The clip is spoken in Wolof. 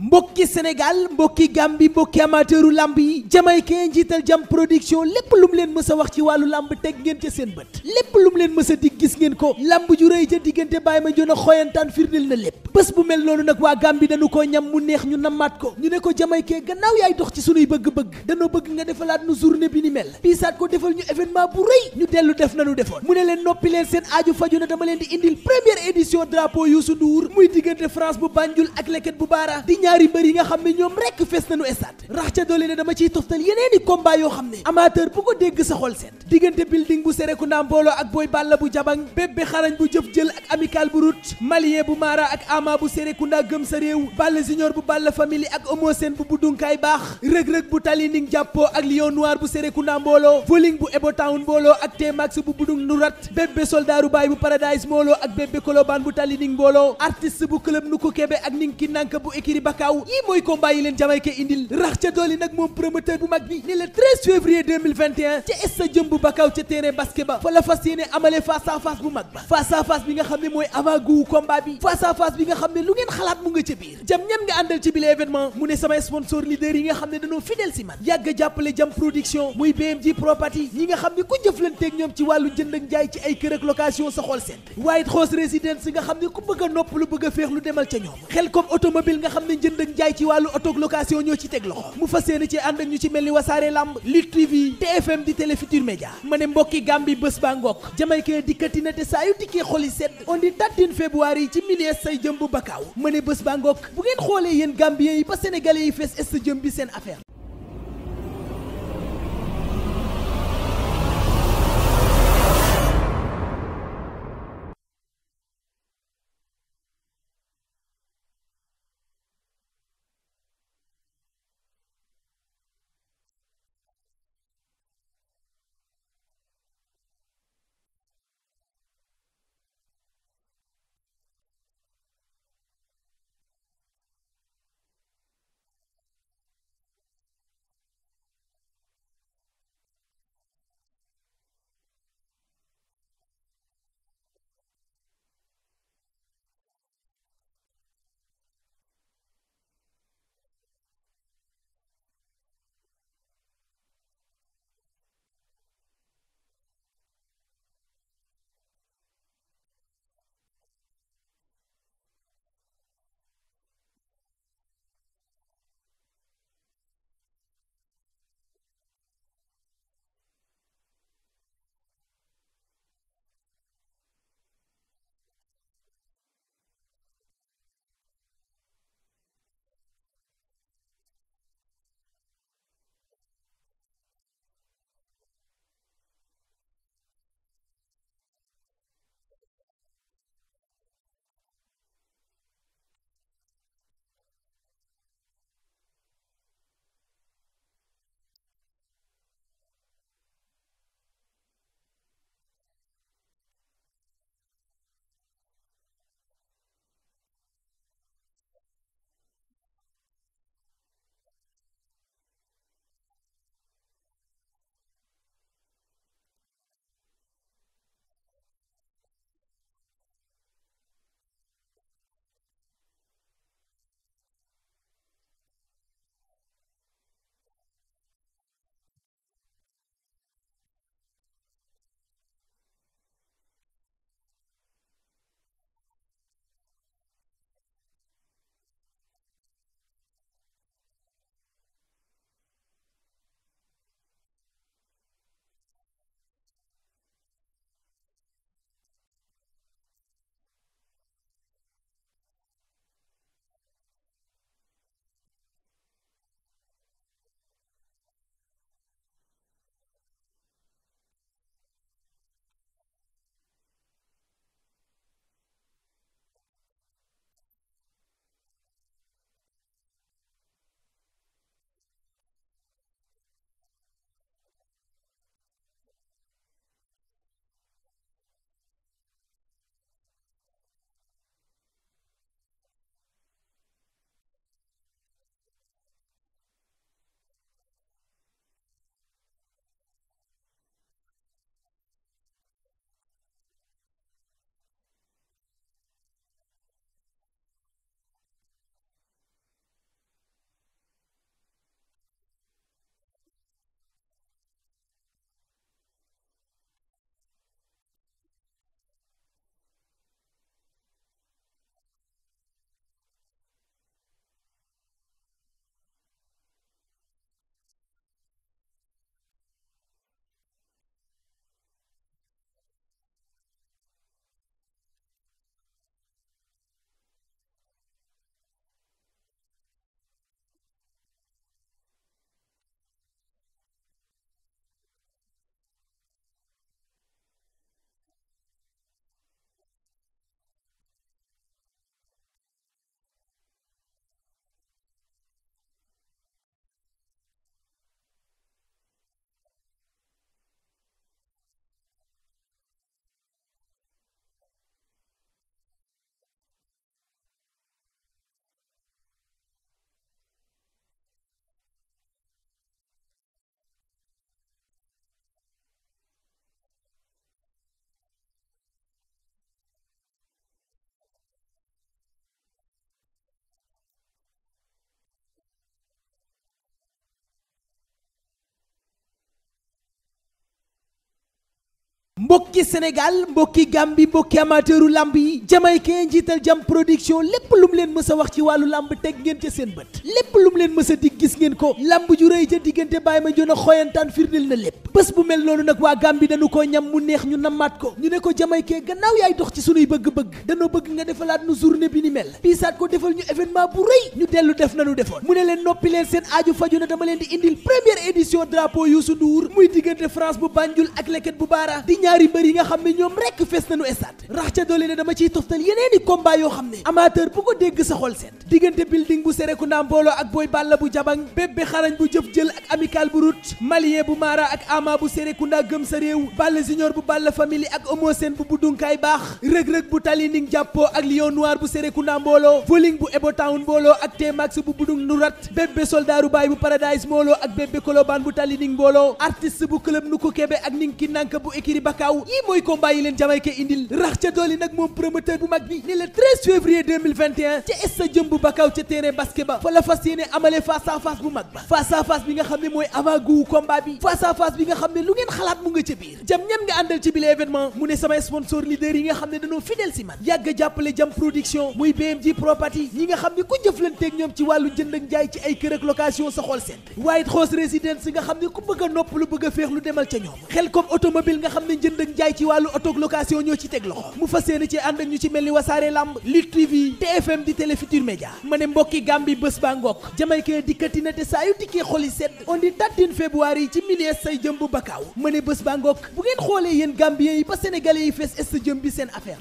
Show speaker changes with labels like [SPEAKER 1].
[SPEAKER 1] mbokki sénégal mbokki gambi mbokki amateuru lamb yi jamaykee njiital jam production lépp lum leen mës a wax ci wàllu lamb teg ngeen ca seen bët lépp lum leen mës a dig gis ngeen ko lamb ju rëy ca diggante bàyyi ma njoon a xoyantaan firndil na lépp bés bu mel noonu nag waa gambi dañu ko ñam mu neex ñu namaat ko ñu ne ko jamaykee gannaaw yaay dox ci sunuy bëgg-bëgg danoo bëgg nga defalaat nu journée bi ni mel piisaat ko defal ñu événement bu rëy ñu dellu def nanu defoon mu ne leen noppi leen seen aaju faju na dama leen di indil première édition drapeau ñaari mbër yi nga xam ne ñoom rekk fees nañu estade rax ca doole ne dama ciy toftal yeneeni combat yoo xam ne amateur bu ko dégg sa xol seet diggante building bu Serekunda mbooloo ak Boy Balla bu jabang bébbe xarañ bu jëf jël ak amical bu route malien bu maara ak ama bu Serekunda gëm sa réew Balla junior bu Balla family ak Omo Sène bu buddunkaay baax rëg-rëg bu tali ning jàppo ak lion noir bu Serekunda mbooloo voling bu Ebo Town mbooloo ak T-Max bu budung nurat bébbe soldaaru baay bu paradise ak bébbe kolobaan bu tali ning mbooloo artiste bu club nu ko kebe ak ning ki nank bu ékiri bakk Bakaaw yii mooy combat yi leen Jamaïque indil rax ca dooli nag moom promoteur bu mag bi ne le février ca es sa jëmb Bakaaw ca terrain basket fa la fas amale face bu mag ba face bi nga xam ne mooy avant combat bi face bi nga xam ne lu ngeen xalaat mu nga ca biir jam ñan nga àndal ci bile événement mu ne samay sponsor leader yi nga xam ne dañoo fidèle si man yàgg jàppale jam production muy BMG property yi nga xam ne ku jëflanteeg ñoom ci wàllu ci ay jënd ak jaay ci wàllu auto location ñoo ci teg loxo mu fas yéene ci ànd ak ñu ci mel ni wasaare lamb Lutte TV TFM di Télé Futurs ma ne mbokki Gambie bés baa ngokk jamaykee dikkati na te saa yu dikkee xoli sedd on di tattin février yi ci milieu say jëm bu bakkaaw ma ne bés baa ngokk bu ngeen xoolee yéen Gambiens yi ba Sénégalais yi fees est jëm bi seen affaire mbokki Sénégal mbokki Gambie mbokki amateuru lamb yi jamaïcain njiital jam production lépp lum leen mës a wax ci wàllu lamb teg ngeen ca seen bët lépp lum leen mës a dig gis ngeen ko lamb ju rëy ca diggante Baye Mandione xoyantaan firndil na lépp bés bu mel noonu nag waa Gambie dañu ko ñam mu neex ñu namaat ko ñu ne ko jamaïcain gannaaw yaay dox ci sunuy bëgg-bëgg danoo bëgg nga defalaat nu journée bi ni mel piisaat ko defal ñu événement bu rëy ñu dellu ñaari mbër yi nga xam ne ñoom rekk fees nañu stade rax ca doole ne dama ciy toftal yeneeni combat yoo xam ne amateur bu ko dégg sa xol seet diggante building bu Serekunda mbooloo ak Boy Balla bu jabang bébbe xarañ bu jëf jël ak amical sa réew Balla junior bu Balla family ak Homo Sène bu buddunkaay baax rëg-rëg bu tali ning jàppoo ak lion noir bu Serekunda mbooloo voling bu Ebo Town mbooloo ak T-Max bu buddung nurat bébbe soldaaru baay bu paradise mbooloo ak bébbe kolobaan bu tali ning mbooloo artiste bu club nu ko kebe ak ning ki nanka bu ékiri baka gaaw mooy combat yi leen Jamaïque indil rax ca dooli nag moom promoteur bu mag bi ni le février ca es sa jëmb bakaaw ca terrain basket fa la fas yéene amale face à bu mag ba face à bi nga xam ne mooy avant combat bi face à bi nga xam ne lu ngeen xalaat mu nga ca biir jam ñan nga àndal ci bile événement mu ne samay sponsor leader yi nga xam ne dañoo fidèle si man yàgg a jàppale jam production muy BMG property ñi nga xam ne ku jëflanteeg ñoom ci wàllu jënd ak jaay ci wàllu auto location ñoo ci teg loxo mu fas yéene ci ànd ak ñu ci mel ni wasaare lamb Lutte TV TFM di Télé Futurs ma ne mbokki Gambie bés baa ngokk jamaykee dikkati na te saa yu dikkee xoli sedd on di tattin février yi ci milieu say jëm bu bakkaaw ma ne bés baa ngokk bu ngeen xoolee yéen Gambien yi ba Sénégalais yi fees est jëm bi seen affaire